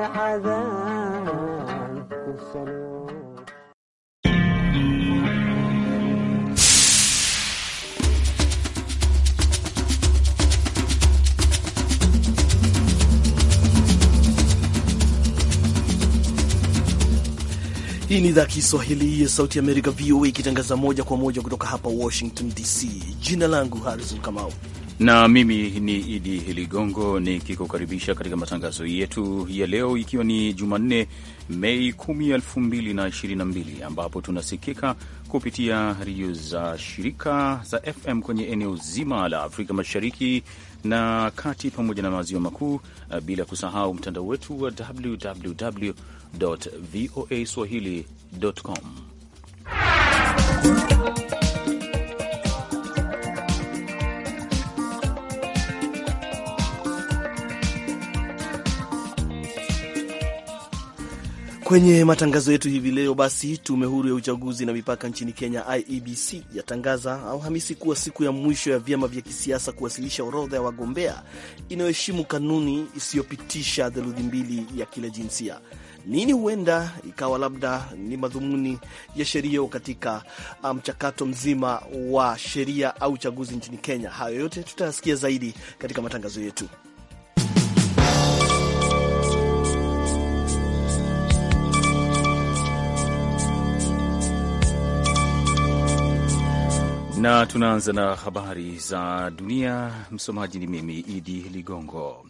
Hii ni idhaa Kiswahili ya Sauti Amerika, VOA, ikitangaza moja kwa moja kutoka hapa Washington DC. Jina langu Harrison Kamau na mimi ni Idi Ligongo nikikukaribisha katika matangazo yetu ya leo, ikiwa ni Jumanne Mei 10, 2022 ambapo tunasikika kupitia redio za shirika za FM kwenye eneo zima la Afrika Mashariki na Kati pamoja na Maziwa Makuu, bila kusahau mtandao wetu wa www voa swahili.com Kwenye matangazo yetu hivi leo, basi tume huru ya uchaguzi na mipaka nchini Kenya, IEBC, yatangaza Alhamisi kuwa siku ya mwisho ya vyama vya kisiasa kuwasilisha orodha ya wagombea inayoheshimu kanuni isiyopitisha theluthi mbili ya kila jinsia. Nini huenda ikawa labda ni madhumuni ya sheria katika um, mchakato um, mzima wa sheria au uchaguzi nchini Kenya? Hayo yote tutayasikia zaidi katika matangazo yetu. na tunaanza na habari za dunia. Msomaji ni mimi Idi Ligongo.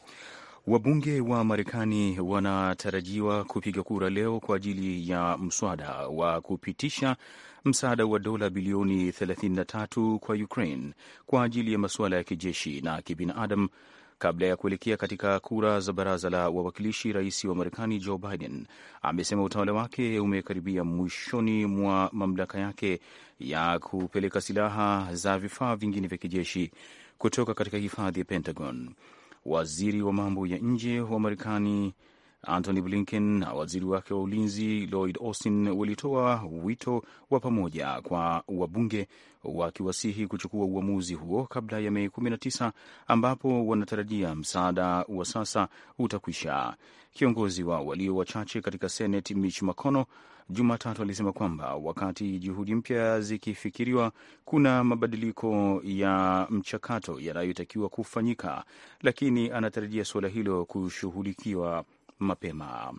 Wabunge wa Marekani wanatarajiwa kupiga kura leo kwa ajili ya mswada wa kupitisha msaada wa dola bilioni 33 kwa Ukraine kwa ajili ya masuala ya kijeshi na kibinadamu Kabla ya kuelekea katika kura za baraza la wawakilishi, rais wa Marekani Joe Biden amesema utawala wake umekaribia mwishoni mwa mamlaka yake ya kupeleka silaha za vifaa vingine vya kijeshi kutoka katika hifadhi ya Pentagon. Waziri wa mambo ya nje wa Marekani Antony Blinken na waziri wake wa ulinzi Lloyd Austin walitoa wito wa pamoja kwa wabunge wakiwasihi kuchukua uamuzi huo kabla ya Mei 19 ambapo wanatarajia msaada wa sasa utakwisha. Kiongozi wa walio wachache katika Senate Mitch McConnell Jumatatu alisema kwamba wakati juhudi mpya zikifikiriwa, kuna mabadiliko ya mchakato yanayotakiwa kufanyika, lakini anatarajia suala hilo kushughulikiwa mapema.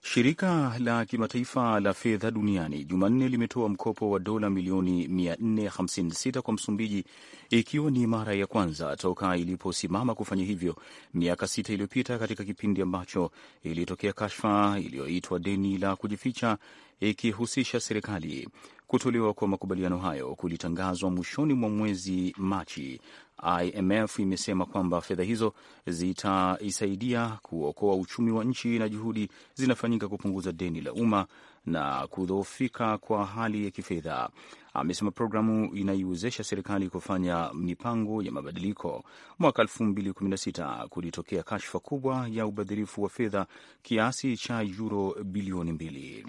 Shirika la kimataifa la fedha duniani Jumanne limetoa mkopo wa dola milioni 456 kwa Msumbiji, ikiwa ni mara ya kwanza toka iliposimama kufanya hivyo miaka sita iliyopita, katika kipindi ambacho ilitokea kashfa iliyoitwa deni la kujificha ikihusisha serikali. Kutolewa kwa makubaliano hayo kulitangazwa mwishoni mwa mwezi Machi IMF imesema kwamba fedha hizo zitaisaidia kuokoa uchumi wa nchi na juhudi zinafanyika kupunguza deni la umma na kudhoofika kwa hali ya kifedha. Amesema programu inaiwezesha serikali kufanya mipango ya mabadiliko. Mwaka 2016 kulitokea kashfa kubwa ya ubadhirifu wa fedha kiasi cha yuro bilioni mbili.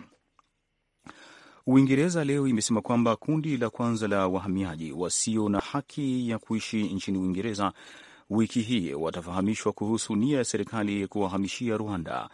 Uingereza leo imesema kwamba kundi la kwanza la wahamiaji wasio na haki ya kuishi nchini Uingereza wiki hii watafahamishwa kuhusu nia ya serikali kuwahamishia Rwanda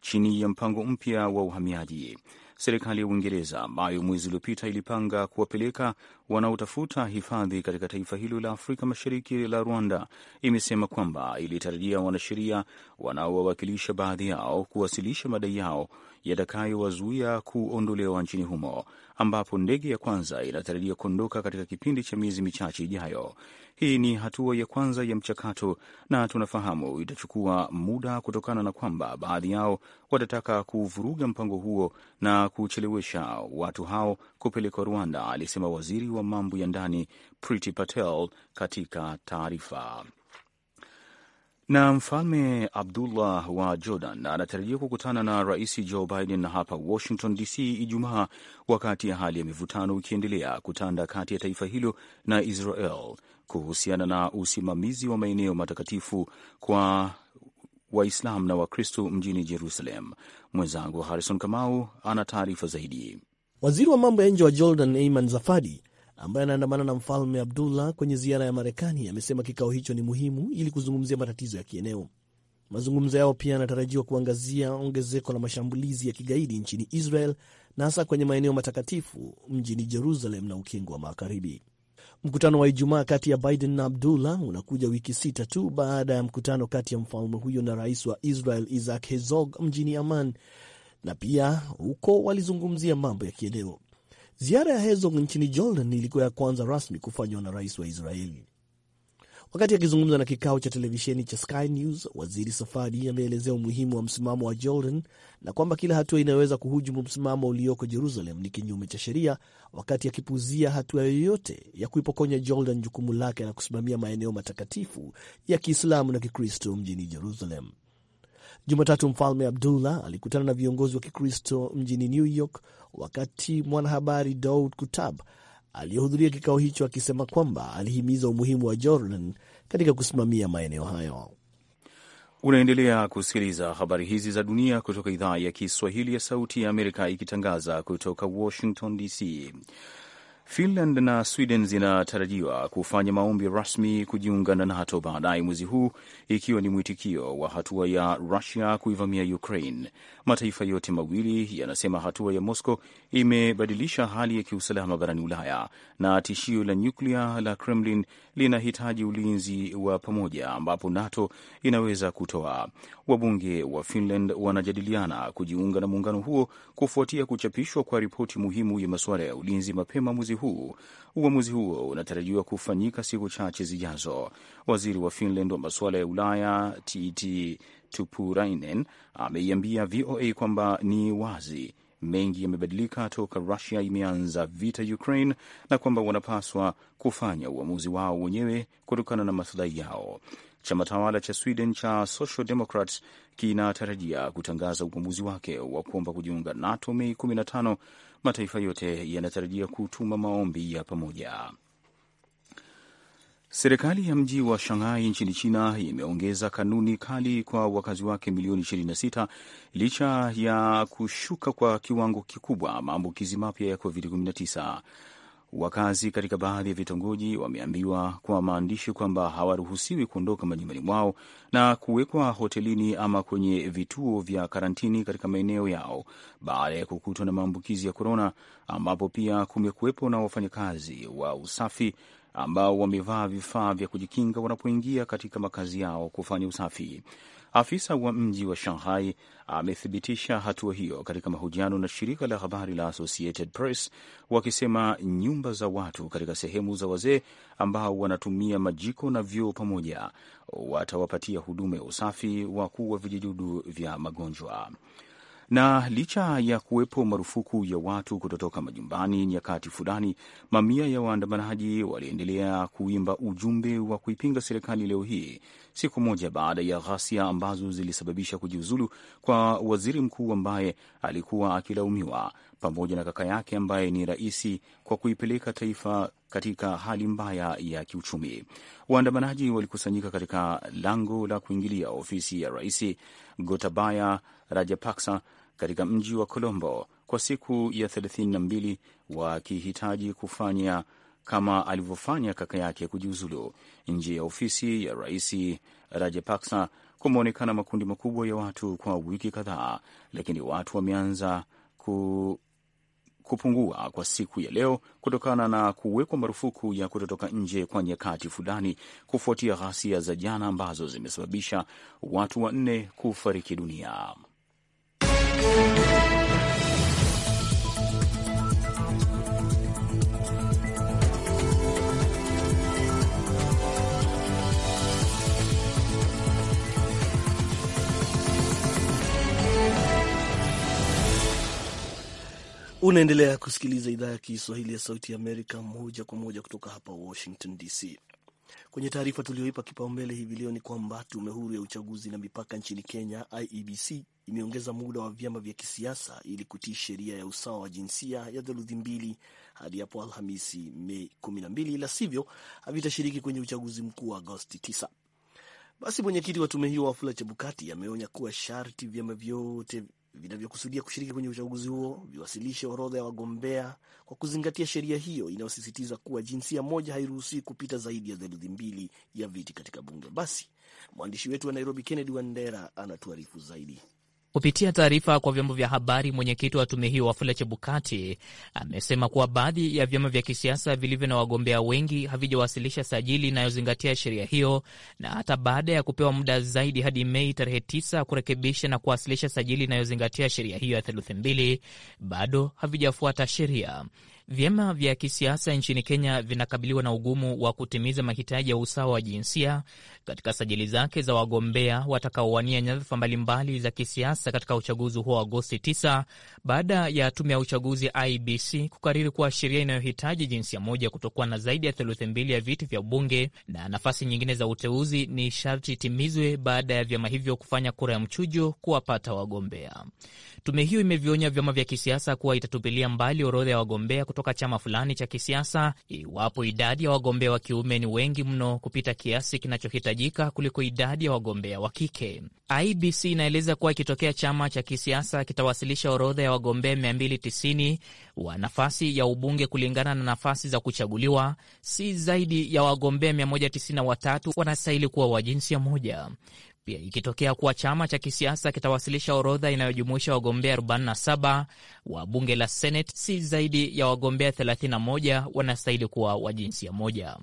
chini ya mpango mpya wa uhamiaji. Serikali ya Uingereza ambayo mwezi uliopita ilipanga kuwapeleka wanaotafuta hifadhi katika taifa hilo la Afrika Mashariki la Rwanda imesema kwamba ilitarajia wanasheria wanaowawakilisha baadhi yao kuwasilisha madai yao yatakayowazuia kuondolewa nchini humo, ambapo ndege ya kwanza inatarajia kuondoka katika kipindi cha miezi michache ijayo. Hii ni hatua ya kwanza ya mchakato na tunafahamu itachukua muda kutokana na kwamba baadhi yao watataka kuvuruga mpango huo na kuchelewesha watu hao kupelekwa Rwanda, alisema waziri wa mambo ya ndani Priti Patel katika taarifa. Na mfalme Abdullah wa Jordan anatarajiwa kukutana na rais Joe Biden hapa Washington DC Ijumaa, wakati ya hali ya mivutano ikiendelea kutanda kati ya taifa hilo na Israel kuhusiana na usimamizi wa maeneo matakatifu kwa waislam na Wakristo mjini Jerusalem. Mwenzangu Harrison Kamau ana taarifa zaidi. Waziri wa mambo ya nje wa Jordan Eiman Zafadi ambaye anaandamana na mfalme Abdullah kwenye ziara ya Marekani amesema kikao hicho ni muhimu ili kuzungumzia matatizo ya kieneo. Mazungumzo yao pia yanatarajiwa kuangazia ongezeko la mashambulizi ya kigaidi nchini Israel na hasa kwenye maeneo matakatifu mjini Jerusalem na ukingo wa Magharibi. Mkutano wa Ijumaa kati ya Biden na Abdullah unakuja wiki sita tu baada ya mkutano kati ya mfalme huyo na rais wa Israel Isaac Herzog mjini Amman, na pia huko walizungumzia mambo ya kieneo. Ziara ya Herzog nchini Jordan ilikuwa ya kwanza rasmi kufanywa na rais wa Israeli. Wakati akizungumza na kikao cha televisheni cha Sky News, waziri Safadi ameelezea umuhimu wa msimamo wa Jordan na kwamba kila hatua inayoweza kuhujumu msimamo ulioko Jerusalem ni kinyume cha sheria, wakati akipuuzia hatua yoyote ya kuipokonya Jordan jukumu lake la kusimamia maeneo matakatifu ya Kiislamu na Kikristo mjini Jerusalem. Jumatatu Mfalme Abdullah alikutana na viongozi wa Kikristo mjini New York, wakati mwanahabari Daud Kutab aliyehudhuria kikao hicho akisema kwamba alihimiza umuhimu wa Jordan katika kusimamia maeneo hayo. Unaendelea kusikiliza habari hizi za dunia kutoka idhaa ya Kiswahili ya Sauti ya Amerika ikitangaza kutoka Washington DC. Finland na Sweden zinatarajiwa kufanya maombi rasmi kujiunga na NATO baadaye mwezi huu ikiwa ni mwitikio wa hatua ya Rusia kuivamia Ukraine. Mataifa yote mawili yanasema hatua ya Moscow imebadilisha hali ya kiusalama barani Ulaya na tishio la nyuklia la Kremlin linahitaji ulinzi wa pamoja ambapo NATO inaweza kutoa. Wabunge wa Finland wanajadiliana kujiunga na muungano huo kufuatia kuchapishwa kwa ripoti muhimu ya masuala ya ulinzi mapema mwezi huu. Uamuzi huo unatarajiwa kufanyika siku chache zijazo. Waziri wa Finland wa masuala ya Ulaya Tt Tupurainen ameiambia VOA kwamba ni wazi mengi yamebadilika toka Rusia imeanza vita Ukraine na kwamba wanapaswa kufanya uamuzi wao wenyewe kutokana na maslahi yao. Chama tawala cha Sweden cha Social Democrats kinatarajia kutangaza uamuzi wake wa kuomba kujiunga NATO Mei 15. Mataifa yote yanatarajia kutuma maombi ya pamoja. Serikali ya mji wa Shanghai nchini China imeongeza kanuni kali kwa wakazi wake milioni 26 licha ya kushuka kwa kiwango kikubwa maambukizi mapya ya COVID-19. Wakazi katika baadhi ya vitongoji wameambiwa kwa maandishi kwamba hawaruhusiwi kuondoka majumbani mwao na kuwekwa hotelini ama kwenye vituo vya karantini katika maeneo yao baada ya kukutwa na maambukizi ya korona, ambapo pia kumekuwepo na wafanyakazi wa usafi ambao wamevaa vifaa vya kujikinga wanapoingia katika makazi yao kufanya usafi. Afisa wa mji wa Shanghai amethibitisha hatua hiyo katika mahojiano na shirika la habari la Associated Press, wakisema nyumba za watu katika sehemu za wazee ambao wanatumia majiko na vyoo pamoja watawapatia huduma ya usafi wa kuwa vijidudu vya magonjwa. Na licha ya kuwepo marufuku ya watu kutotoka majumbani nyakati fulani, mamia ya waandamanaji waliendelea kuimba ujumbe wa kuipinga serikali leo hii, siku moja baada ya ghasia ambazo zilisababisha kujiuzulu kwa waziri mkuu ambaye alikuwa akilaumiwa pamoja na kaka yake ambaye ni rais kwa kuipeleka taifa katika hali mbaya ya kiuchumi. Waandamanaji walikusanyika katika lango la kuingilia ofisi ya rais Gotabaya Rajapaksa katika mji wa Colombo kwa siku ya 32 wakihitaji kufanya kama alivyofanya kaka yake kujiuzulu. Nje ya ofisi ya rais Rajapaksa kumeonekana makundi makubwa ya watu kwa wiki kadhaa, lakini watu wameanza ku kupungua kwa siku ya leo kutokana na kuwekwa marufuku ya kutotoka nje kwa nyakati fulani kufuatia ghasia za jana ambazo zimesababisha watu wanne kufariki dunia. Unaendelea kusikiliza idhaa ya Kiswahili ya Sauti ya Amerika moja kwa moja kutoka hapa Washington DC. Kwenye taarifa tuliyoipa kipaumbele hivi leo ni kwamba tume huru ya uchaguzi na mipaka nchini Kenya, IEBC, imeongeza muda wa vyama vya kisiasa ili kutii sheria ya usawa wa jinsia ya theluthi mbili hadi hapo Alhamisi, Mei 12, la sivyo havitashiriki kwenye uchaguzi mkuu wa Agosti 9. Basi mwenyekiti wa tume hiyo Wafula Chebukati ameonya kuwa sharti vyama vyote vinavyokusudia kushiriki kwenye uchaguzi huo viwasilishe orodha ya wagombea kwa kuzingatia sheria hiyo inayosisitiza kuwa jinsia moja hairuhusiwi kupita zaidi ya theluthi mbili ya viti katika bunge. Basi mwandishi wetu wa Nairobi, Kennedy Wandera, anatuarifu zaidi. Kupitia taarifa kwa vyombo vya habari, mwenyekiti wa tume hiyo Wafula Chebukati amesema kuwa baadhi ya vyama vya kisiasa vilivyo na wagombea wengi havijawasilisha sajili inayozingatia sheria hiyo, na hata baada ya kupewa muda zaidi hadi Mei tarehe 9 kurekebisha na kuwasilisha sajili inayozingatia sheria hiyo ya theluthi mbili, bado havijafuata sheria. Vyama vya kisiasa nchini Kenya vinakabiliwa na ugumu wa kutimiza mahitaji ya usawa wa jinsia katika sajili zake za wagombea watakaowania nyadhifa mbalimbali za kisiasa hasa katika uchaguzi huo wa Agosti 9 baada ya tume ya uchaguzi IBC kukariri kuwa sheria inayohitaji jinsia moja kutokuwa na zaidi ya theluthi mbili ya viti vya ubunge na nafasi nyingine za uteuzi ni sharti itimizwe baada ya vyama hivyo kufanya kura ya mchujo kuwapata wagombea. Tume hiyo imevionya vyama vya kisiasa kuwa itatupilia mbali orodha ya wagombea kutoka chama fulani cha kisiasa iwapo idadi ya wagombea wa kiume ni wengi mno kupita kiasi kinachohitajika kuliko idadi ya wagombea wa kike. IBC inaeleza kuwa ikitokea Bunge, chama cha kisiasa kitawasilisha orodha ya wagombea 290 wa nafasi ya ubunge kulingana na nafasi za kuchaguliwa. Si zaidi ya wagombea 193 wanastahili kuwa wa jinsia moja pia ikitokea kuwa chama cha kisiasa kitawasilisha orodha inayojumuisha wagombea 47 wa bunge la Senate, si zaidi ya wagombea 31 wanastahili kuwa wa jinsia moja.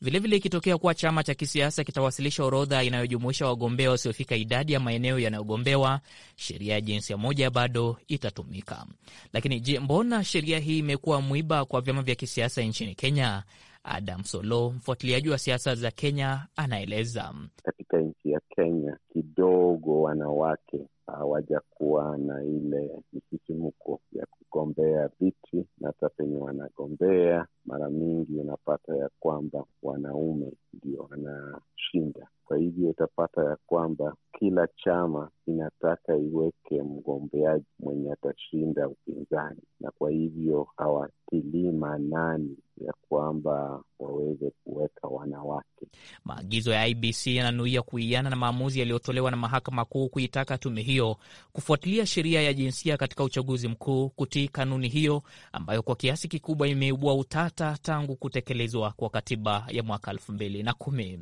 Vilevile, ikitokea kuwa chama cha kisiasa kitawasilisha orodha inayojumuisha wagombea wasiofika idadi ya maeneo yanayogombewa, sheria ya jinsia moja bado itatumika. Lakini je, mbona sheria hii imekuwa mwiba kwa vyama vya kisiasa nchini Kenya? Adam Solo, mfuatiliaji wa siasa za Kenya, anaeleza. Katika nchi ya Kenya kidogo wanawake hawajakuwa na ile msisimko ya kugombea viti na hata penye wanagombea, mara mingi unapata ya kwamba wanaume ndio wanashinda. Kwa hivyo utapata ya kwamba kila chama inataka iweke mgombeaji mwenye atashinda upinzani, na kwa hivyo hawatilii manani ya kwamba waweze kuweka wanawake. Maagizo ya IBC yananuia kuiana na maamuzi yaliyotolewa na mahakama kuu kuitaka tume hiyo, kufuatilia sheria ya jinsia katika uchaguzi mkuu, kutii kanuni hiyo ambayo kwa kiasi kikubwa imeibua utata tangu kutekelezwa kwa katiba ya mwaka elfu mbili na kumi.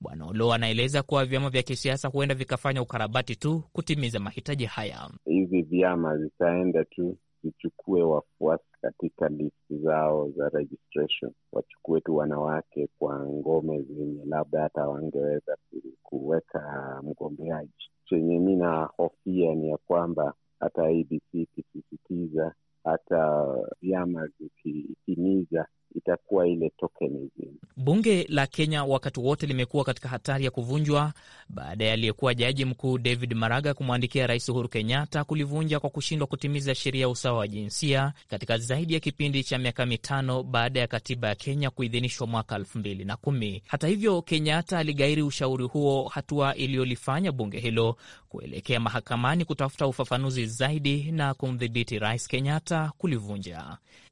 Bwana Olo anaeleza kuwa vyama vya kisiasa huenda vikafanya ukarabati tu kutimiza mahitaji haya. Hivi vyama vitaenda tu vichukue wafuasi katika listi zao za registration, wachukue tu wanawake kwa ngome zenye labda hata wangeweza kuweka mgombeaji chenye mi nahofia ni ya kwamba hata abc ikisisitiza hata vyama vikihimiza itakuwa ile tokenism. Bunge la Kenya wakati wote limekuwa katika hatari ya kuvunjwa baada ya aliyekuwa jaji mkuu David Maraga kumwandikia Rais Uhuru Kenyatta kulivunja kwa kushindwa kutimiza sheria ya usawa wa jinsia katika zaidi ya kipindi cha miaka mitano baada ya katiba ya Kenya kuidhinishwa mwaka elfu mbili na kumi. Hata hivyo, Kenyatta aligairi ushauri huo, hatua iliyolifanya bunge hilo kuelekea mahakamani kutafuta ufafanuzi zaidi na kumdhibiti Rais Kenyatta kulivunja.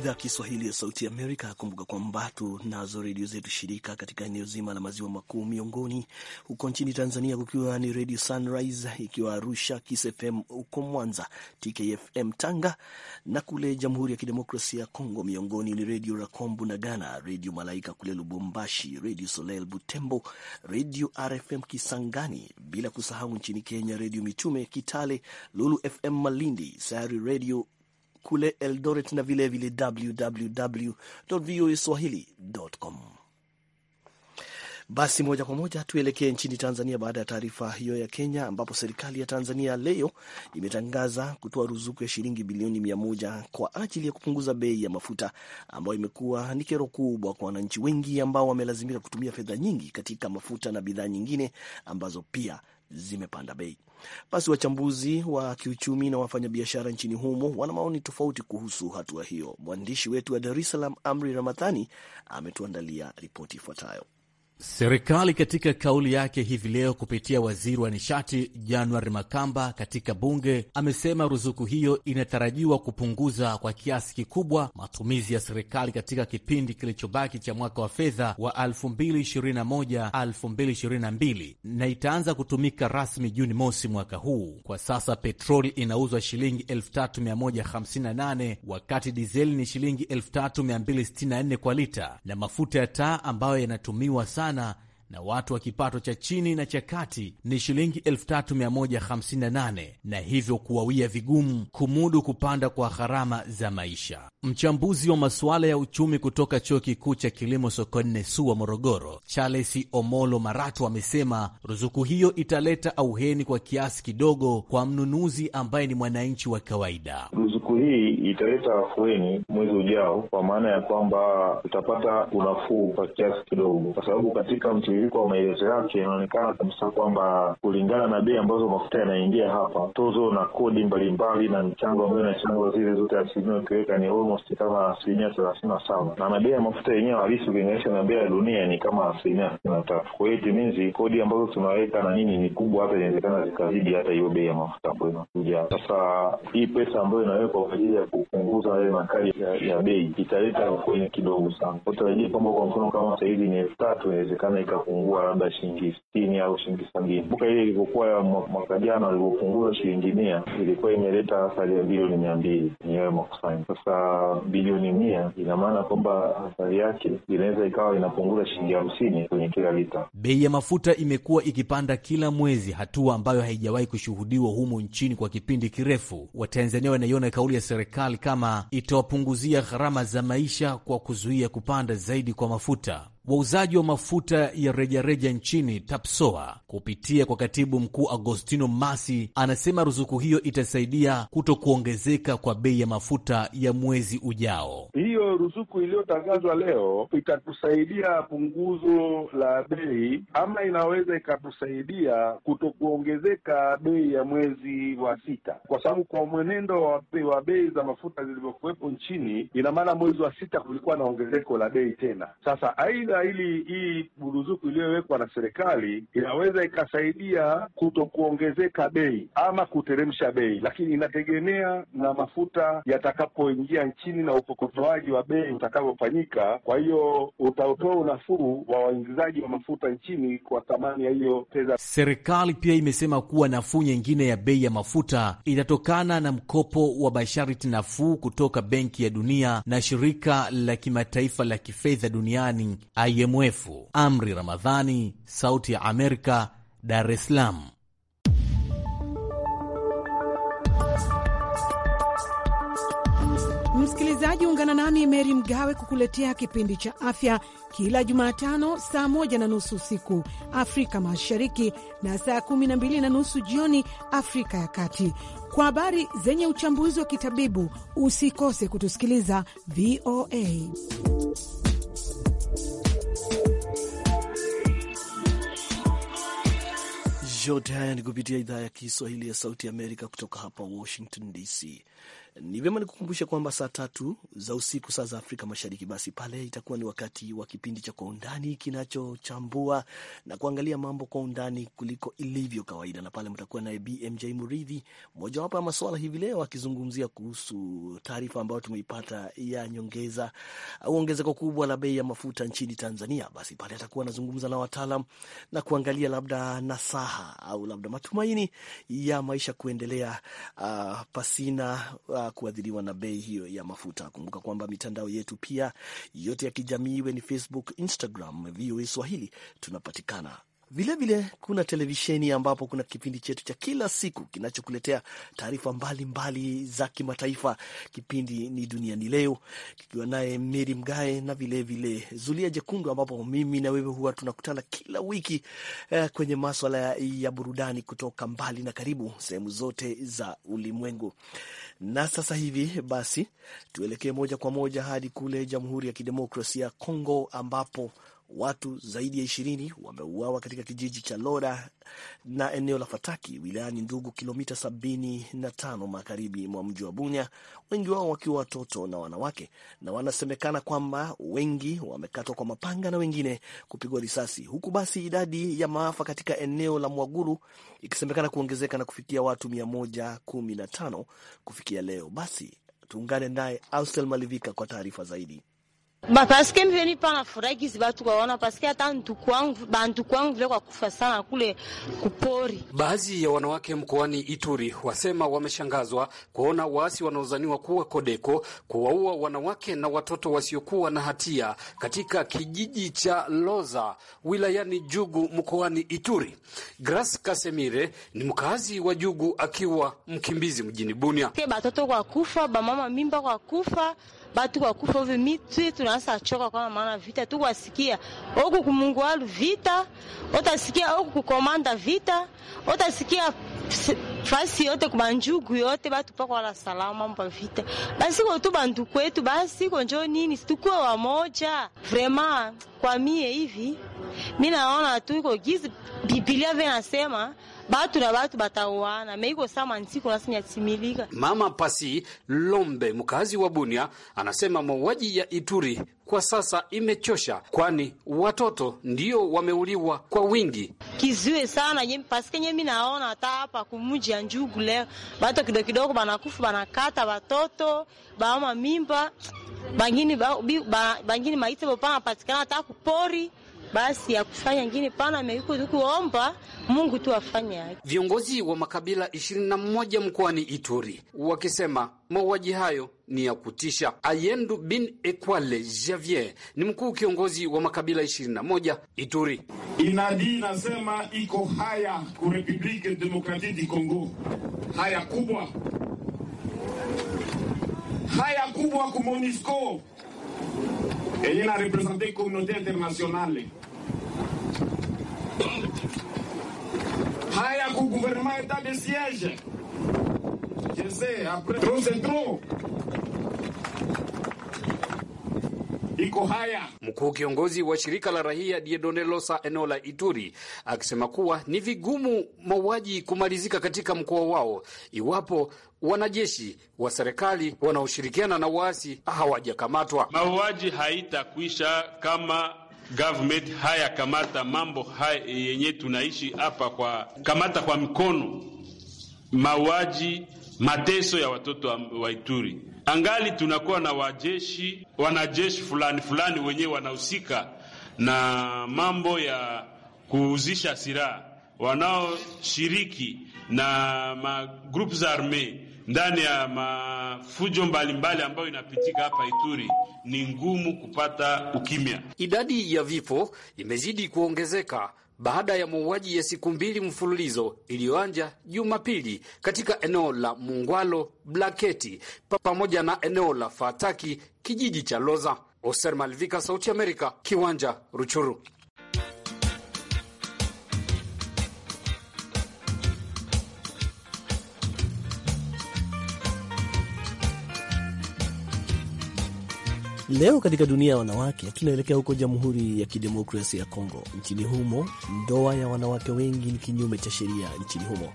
idhaa Kiswahili ya Sauti Amerika. Kumbuka kwamba tunazo redio zetu shirika katika eneo zima la maziwa makuu, miongoni huko nchini Tanzania kukiwa ni redio Sunrise ikiwa Arusha, Kiss FM huko Mwanza, TKFM Tanga, na kule Jamhuri ya Kidemokrasia ya Kongo miongoni ni redio Rakombu na Ghana, redio Malaika kule Lubumbashi, redio Soleil Butembo, redio RFM Kisangani, bila kusahau nchini Kenya redio Mitume Kitale, Lulu FM Malindi, Sayari redio kule Eldoret na vilevile www.voaswahili.com. Basi moja kwa moja tuelekee nchini Tanzania baada ya taarifa hiyo ya Kenya, ambapo serikali ya Tanzania leo imetangaza kutoa ruzuku ya shilingi bilioni mia moja kwa ajili ya kupunguza bei ya mafuta ambayo imekuwa ni kero kubwa kwa wananchi wengi ambao wamelazimika kutumia fedha nyingi katika mafuta na bidhaa nyingine ambazo pia zimepanda bei. Basi wachambuzi wa kiuchumi na wafanyabiashara nchini humo wana maoni tofauti kuhusu hatua hiyo. Mwandishi wetu wa Dar es Salaam, Amri Ramadhani, ametuandalia ripoti ifuatayo. Serikali katika kauli yake hivi leo kupitia waziri wa nishati Januari Makamba katika bunge amesema ruzuku hiyo inatarajiwa kupunguza kwa kiasi kikubwa matumizi ya serikali katika kipindi kilichobaki cha mwaka wa fedha wa 2021-2022 na itaanza kutumika rasmi Juni mosi mwaka huu. Kwa sasa petroli inauzwa shilingi 3158 wakati dizeli ni shilingi 3264 kwa lita na mafuta ya taa ambayo yanatumiwa sana sana na watu wa kipato cha chini na cha kati ni shilingi 3158 na hivyo kuwawia vigumu kumudu kupanda kwa gharama za maisha. Mchambuzi wa masuala ya uchumi kutoka chuo kikuu cha kilimo Sokoine SUA Morogoro, Charles Omolo Maratu amesema ruzuku hiyo italeta auheni kwa kiasi kidogo kwa mnunuzi ambaye ni mwananchi wa kawaida. Ruzuku hii italeta afueni mwezi ujao, kwa maana ya kwamba utapata unafuu kwa kiasi kidogo, kwa sababu katika mti kwa maelezo yake inaonekana kabisa kwamba kulingana na bei ambazo mafuta yanaingia hapa, tozo na kodi mbalimbali na mchango ambayo inachangwa, zile zote asilimia ukiweka ni almost kama asilimia thelathini na saba na na bei ya mafuta yenyewe halisi ukilinganisha na bei ya dunia ni kama asilimia thelathini na tatu Kwa hiyo itimizi kodi ambazo tunaweka na nini ni kubwa, hata inawezekana zikazidi hata hiyo bei ya mafuta ambayo inakuja sasa. Hii pesa ambayo inawekwa kwa ajili ya kupunguza yale makali ya, ya bei italeta kwenye kidogo sana. Utarajia kwamba kwa mfano kama sahizi ni elfu tatu inawezekana ika kupungua labda shilingi sitini au shilingi sabini. Kumbuka ile ilivyokuwa ya mwaka jana walivyopunguza shilingi mia ilikuwa imeleta athari ya bilioni mia mbili yenyewe makusanyo. Sasa bilioni mia ina maana kwamba athari yake inaweza ikawa inapunguza shilingi hamsini kwenye kila lita. Bei ya mafuta imekuwa ikipanda kila mwezi, hatua ambayo haijawahi kushuhudiwa humo nchini kwa kipindi kirefu. Watanzania wanaiona kauli ya serikali kama itawapunguzia gharama za maisha kwa kuzuia kupanda zaidi kwa mafuta. Wauzaji wa mafuta ya rejareja nchini TAPSOA kupitia kwa katibu mkuu Agostino Masi anasema ruzuku hiyo itasaidia kuto kuongezeka kwa bei ya mafuta ya mwezi ujao. Hiyo ruzuku iliyotangazwa leo itatusaidia punguzo la bei, ama inaweza ikatusaidia kuto kuongezeka bei ya mwezi wa sita, kwa sababu kwa mwenendo wa, wa bei za mafuta zilivyokuwepo nchini, ina maana mwezi wa sita kulikuwa na ongezeko la bei tena. Sasa aidha ili hili hii buruzuku iliyowekwa na serikali inaweza ikasaidia kuto kuongezeka bei ama kuteremsha bei, lakini inategemea na mafuta yatakapoingia nchini na upokotoaji wa bei utakavyofanyika. Kwa hiyo utatoa unafuu wa waingizaji wa mafuta nchini kwa thamani ya hiyo pesa. Serikali pia imesema kuwa nafuu nyingine ya bei ya mafuta itatokana na mkopo wa masharti nafuu kutoka Benki ya Dunia na shirika la kimataifa la kifedha duniani IMF. Amri Ramadhani, Sauti ya Amerika, Dar es Salaam. Msikilizaji, ungana nami Meri Mgawe kukuletea kipindi cha afya kila Jumatano saa moja na nusu usiku Afrika Mashariki na saa kumi na mbili na nusu jioni Afrika ya Kati, kwa habari zenye uchambuzi wa kitabibu. Usikose kutusikiliza VOA. Yote haya ni kupitia idhaa ya Kiswahili ya Sauti Amerika kutoka hapa Washington DC ni vyema nikukumbushe kwamba saa tatu za usiku saa za Afrika Mashariki, basi pale itakuwa ni wakati wa kipindi cha Kwa Undani kinachochambua na kuangalia mambo kwa undani kuliko ilivyo kawaida, na pale mtakuwa naye BMJ Muridhi, mojawapo ya masuala hivi leo akizungumzia kuhusu taarifa ambayo tumeipata ya nyongeza au ongezeko kubwa la bei ya mafuta nchini Tanzania. Basi pale atakuwa anazungumza na wataalam na kuangalia labda nasaha au labda matumaini ya maisha kuendelea uh, pasina uh, kuadhiriwa na bei hiyo ya mafuta. Kumbuka kwamba mitandao yetu pia yote ya kijamii, iwe ni Facebook, Instagram, VOA Swahili, tunapatikana Vilevile vile, kuna televisheni ambapo kuna kipindi chetu cha kila siku kinachokuletea taarifa mbalimbali za kimataifa. Kipindi ni Duniani Leo kikiwa naye Meri Mgae na vilevile vile, Zulia Jekundu, ambapo mimi na wewe huwa tunakutana kila wiki eh, kwenye maswala ya burudani kutoka mbali na karibu, sehemu zote za ulimwengu. Na sasa hivi basi tuelekee moja kwa moja hadi kule Jamhuri ya Kidemokrasia ya Kongo ambapo Watu zaidi ya ishirini wameuawa katika kijiji cha Lora na eneo la Fataki wilayani Ndugu, kilomita 75 magharibi mwa mji wa bunya wengi wao wakiwa watoto na wanawake, na wanasemekana kwamba wengi wamekatwa kwa mapanga na wengine kupigwa risasi, huku basi idadi ya maafa katika eneo la Mwaguru ikisemekana kuongezeka na kufikia watu tano kufikia leo. Basi tuungane naye Austel Malivika kwa taarifa zaidi. Bapaske mveni pana furahi kisi batu kwaona paske hata nduku wangu banduku wangu vile kwa kufa sana kule kupori. Baadhi ya wanawake mkoani Ituri wasema wameshangazwa kuona waasi wanaozaniwa kuwa Kodeko kuwaua wanawake na watoto wasiokuwa na hatia katika kijiji cha Loza wilayani Jugu mkoani Ituri. Grace Kasemire ni mkazi wa Jugu akiwa mkimbizi mjini Bunia. Batoto kwa kufa, bamama mimba kwa kufa batu bakufa ovyo, mi tunaanza choka, kwa maana vita tukwasikia oku kumungualu vita, otasikia oku kukomanda vita, otasikia fasi yote kumanjugu yote batu pako wala salama mpa vita, basi kwa tu bandu kwetu, basi kwa njoo nini situkuwe wamoja vrema. Kwa mie hivi minaona naona tu iko gizi, Biblia venasema batu na batu batauana meiko sama nsiku rasmi yatimilika. Mama Pasi Lombe, mkazi wa Bunia, anasema mauaji ya Ituri kwa sasa imechosha, kwani watoto ndio wameuliwa kwa wingi kizue sana nye, paske nyemi naona hata hapa kumuji ya njugu leo bato kidogo kidogo banakufu banakata watoto baoma mimba bangini, ba, bangini maite bopana patikana hata kupori basi ya kufanya ngine pana meikuikuomba Mungu tu afanye yake. Viongozi wa makabila 21 mkoani Ituri wakisema mauaji hayo ni ya kutisha. Ayendu bin Ekwale Javier ni mkuu kiongozi wa makabila 21 Ituri. Inadi nasema iko haya ku Republique Democratique du Congo, haya kubwa, haya kubwa ku MONUSCO yenye na represente communauté internationale haya ku gouvernement état de siège. Je sais, après trop c'est trop. Iko haya. Mkuu kiongozi wa shirika la rahia Diedone Losa eneo la Ituri akisema kuwa ni vigumu mauaji kumalizika katika mkoa wao iwapo wanajeshi wa serikali wanaoshirikiana na waasi hawajakamatwa. Mauaji haitakwisha kama government haya kamata mambo haya yenye tunaishi hapa kwa kamata kwa mkono, mauaji, mateso ya watoto wa Ituri. Angali tunakuwa na wajeshi, wanajeshi fulani fulani wenye wanahusika na mambo ya kuuzisha silaha, wanaoshiriki na magrupu za armee ndani ya mafujo mbalimbali ambayo inapitika hapa Ituri ni ngumu kupata ukimya. Idadi ya vifo imezidi kuongezeka baada ya mauaji ya siku mbili mfululizo iliyoanja Jumapili katika eneo la Mungwalo Blaketi pamoja na eneo la Fataki kijiji cha Loza. Oser Malvika, Sauti Amerika, Kiwanja Ruchuru. Leo katika dunia ya wanawake tunaelekea huko Jamhuri ya Kidemokrasia ya Kongo. Nchini humo ndoa ya wanawake wengi ni kinyume cha sheria nchini humo,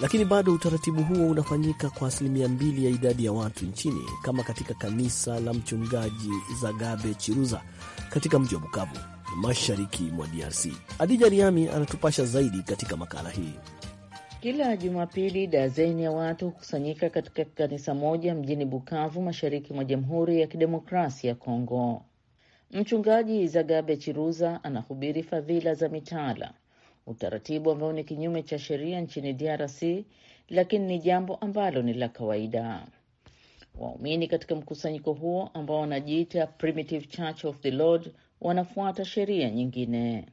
lakini bado utaratibu huo unafanyika kwa asilimia mbili ya idadi ya watu nchini, kama katika kanisa la Mchungaji Zagabe Chiruza katika mji wa Bukavu, mashariki mwa DRC. Adija Riami anatupasha zaidi katika makala hii. Kila Jumapili dazeni ya watu hukusanyika katika kanisa moja mjini Bukavu, mashariki mwa Jamhuri ya Kidemokrasia ya Kongo. Mchungaji Zagabe Chiruza anahubiri fadhila za mitaala, utaratibu ambao ni kinyume cha sheria nchini DRC, lakini ni jambo ambalo ni la kawaida. Waumini katika mkusanyiko huo ambao wanajiita Primitive Church of the Lord wanafuata sheria nyingine.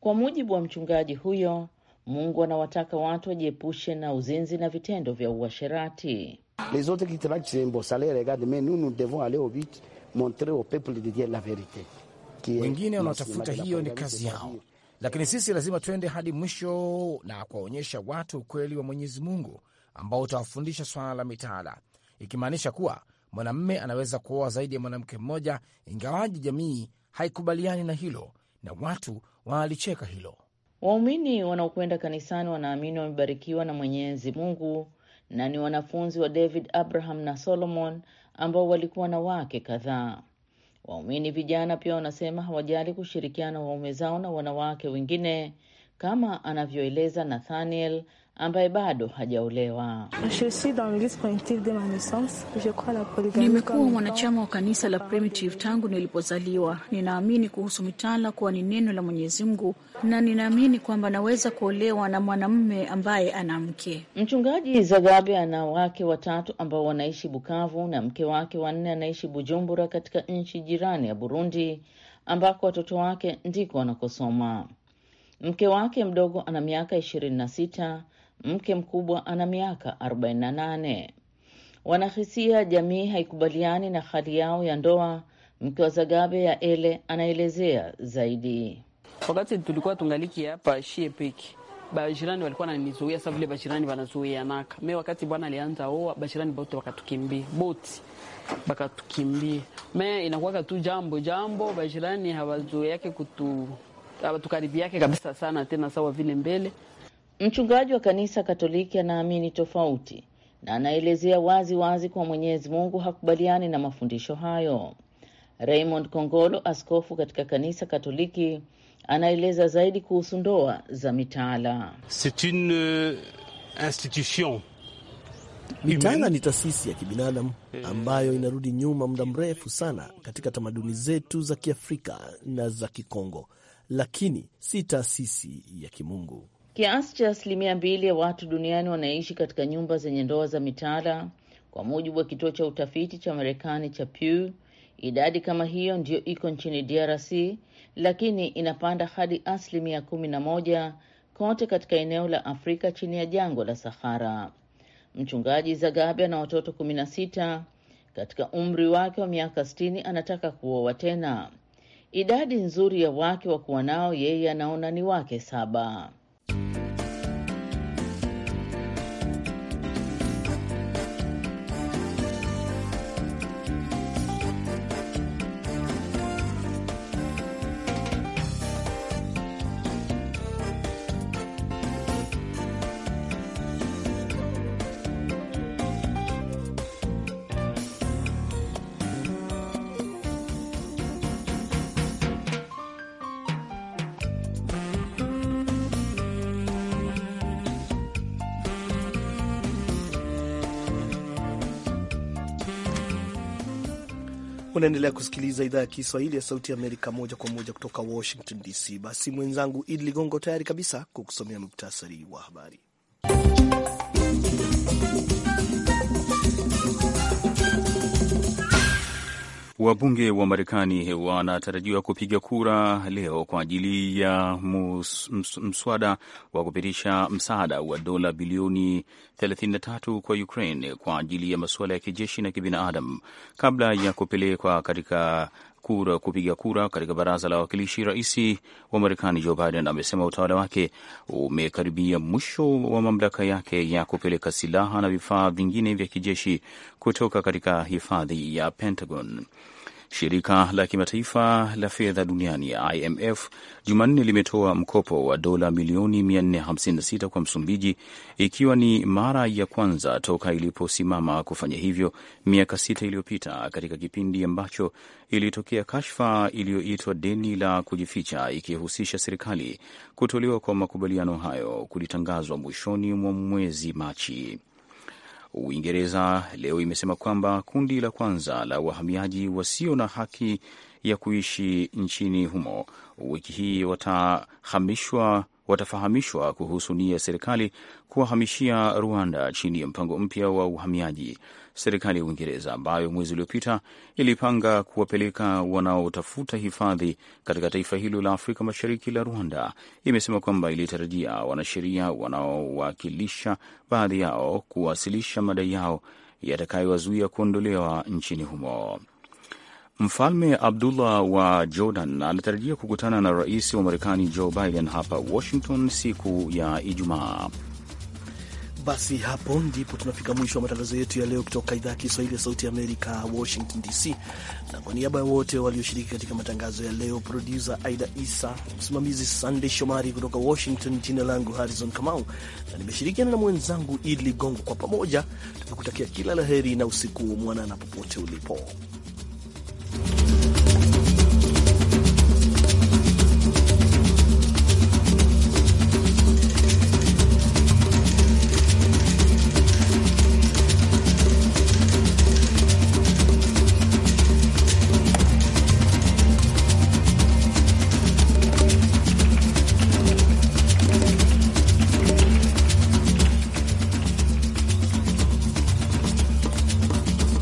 Kwa mujibu wa mchungaji huyo, Mungu anawataka watu wajiepushe na uzinzi na vitendo vya uasherati. Wengine wanaotafuta hiyo ni kazi yao, lakini sisi lazima twende hadi mwisho na kuwaonyesha watu ukweli wa Mwenyezi Mungu ambao utawafundisha swala la mitaala, ikimaanisha kuwa mwanamme anaweza kuoa zaidi ya mwanamke mmoja, ingawaji jamii haikubaliani na hilo na watu wanalicheka hilo. Waumini wanaokwenda kanisani wanaamini wamebarikiwa na Mwenyezi Mungu na ni wanafunzi wa David, Abraham na Solomon ambao walikuwa na wake kadhaa. Waumini vijana pia wanasema hawajali kushirikiana waume zao na wanawake wengine kama anavyoeleza Nathaniel ambaye bado hajaolewa. Nimekuwa mwanachama wa kanisa la Primitive tangu nilipozaliwa. Ninaamini kuhusu mitala kuwa ni neno la Mwenyezi Mungu, na ninaamini kwamba naweza kuolewa na mwanamume ambaye ana mke. Mchungaji Zagabe ana wake watatu ambao wanaishi Bukavu na mke wake wanne anaishi Bujumbura katika nchi jirani ya Burundi, ambako watoto wake ndiko wanakosoma. Mke wake mdogo ana miaka ishirini na sita mke mkubwa ana miaka 48. Wanahisia jamii haikubaliani na hali yao ya ndoa. Mke wa Zagabe ya ele anaelezea zaidi. Wakati tulikuwa tungaliki hapa shie peki bajirani walikuwa wananizuia sasa, vile bajirani wanazuianaka mimi. Wakati bwana alianza oa, bajirani bote wakatukimbia, boti wakatukimbia. Mimi inakuwa tu jambo jambo, bajirani hawazuiake kutu hawatukaribiake kabisa sana tena, sawa vile mbele Mchungaji wa kanisa Katoliki anaamini tofauti na anaelezea wazi wazi kwa Mwenyezi Mungu hakubaliani na mafundisho hayo. Raymond Kongolo, askofu katika kanisa Katoliki, anaeleza zaidi kuhusu ndoa za mitaala. C'est une euh, institution Mitaala ni taasisi ya kibinadamu ambayo inarudi nyuma muda mrefu sana katika tamaduni zetu za Kiafrika na za Kikongo, lakini si taasisi ya kimungu. Kiasi cha asilimia mbili ya watu duniani wanaishi katika nyumba zenye ndoa za mitala, kwa mujibu wa kituo cha utafiti cha Marekani cha Pew. Idadi kama hiyo ndiyo iko nchini DRC, lakini inapanda hadi asilimia kumi na moja kote katika eneo la Afrika chini ya jangwa la Sahara. Mchungaji Zagabe na watoto kumi na sita katika umri wake wa miaka sitini anataka kuoa tena. Idadi nzuri ya wake wa kuwa nao yeye anaona ni wake saba. Unaendelea kusikiliza idhaa ya Kiswahili ya Sauti ya Amerika moja kwa moja kutoka Washington DC. Basi mwenzangu Id Ligongo tayari kabisa kukusomea muktasari wa habari. Wabunge wa Marekani wanatarajiwa kupiga kura leo kwa ajili ya mus, mswada wa kupitisha msaada wa dola bilioni 33 kwa Ukraine kwa ajili ya masuala ya kijeshi na kibinadamu kabla ya kupelekwa katika kura kupiga kura katika baraza la wawakilishi. Rais wa Marekani Joe Biden amesema utawala wake umekaribia mwisho wa mamlaka yake ya kupeleka silaha na vifaa vingine vya kijeshi kutoka katika hifadhi ya Pentagon. Shirika la kimataifa la fedha duniani IMF Jumanne limetoa mkopo wa dola milioni 456 kwa Msumbiji, ikiwa ni mara ya kwanza toka iliposimama kufanya hivyo miaka sita iliyopita, katika kipindi ambacho ilitokea kashfa iliyoitwa deni la kujificha, ikihusisha serikali. Kutolewa kwa makubaliano hayo kulitangazwa mwishoni mwa mwezi Machi. Uingereza leo imesema kwamba kundi la kwanza la wahamiaji wasio na haki ya kuishi nchini humo wiki hii watahamishwa watafahamishwa kuhusu nia ya serikali kuwahamishia Rwanda chini ya mpango mpya wa uhamiaji serikali ya Uingereza ambayo mwezi uliopita ilipanga kuwapeleka wanaotafuta hifadhi katika taifa hilo la Afrika Mashariki la Rwanda, imesema kwamba ilitarajia wanasheria wanaowakilisha baadhi yao kuwasilisha madai yao yatakayowazuia kuondolewa nchini humo. Mfalme Abdullah wa Jordan anatarajia kukutana na rais wa Marekani Joe Biden hapa Washington siku ya Ijumaa. Basi hapo ndipo tunafika mwisho wa matangazo yetu ya leo kutoka idhaa ya Kiswahili ya Sauti ya Amerika, Washington DC. Na kwa niaba ya wote walioshiriki katika matangazo ya leo, produsa Aida Isa, msimamizi Sandey Shomari kutoka Washington, jina langu Harrison Kamau na nimeshirikiana na mwenzangu Idli Gongo, kwa pamoja tukikutakia kila laheri na usiku mwanana popote ulipo.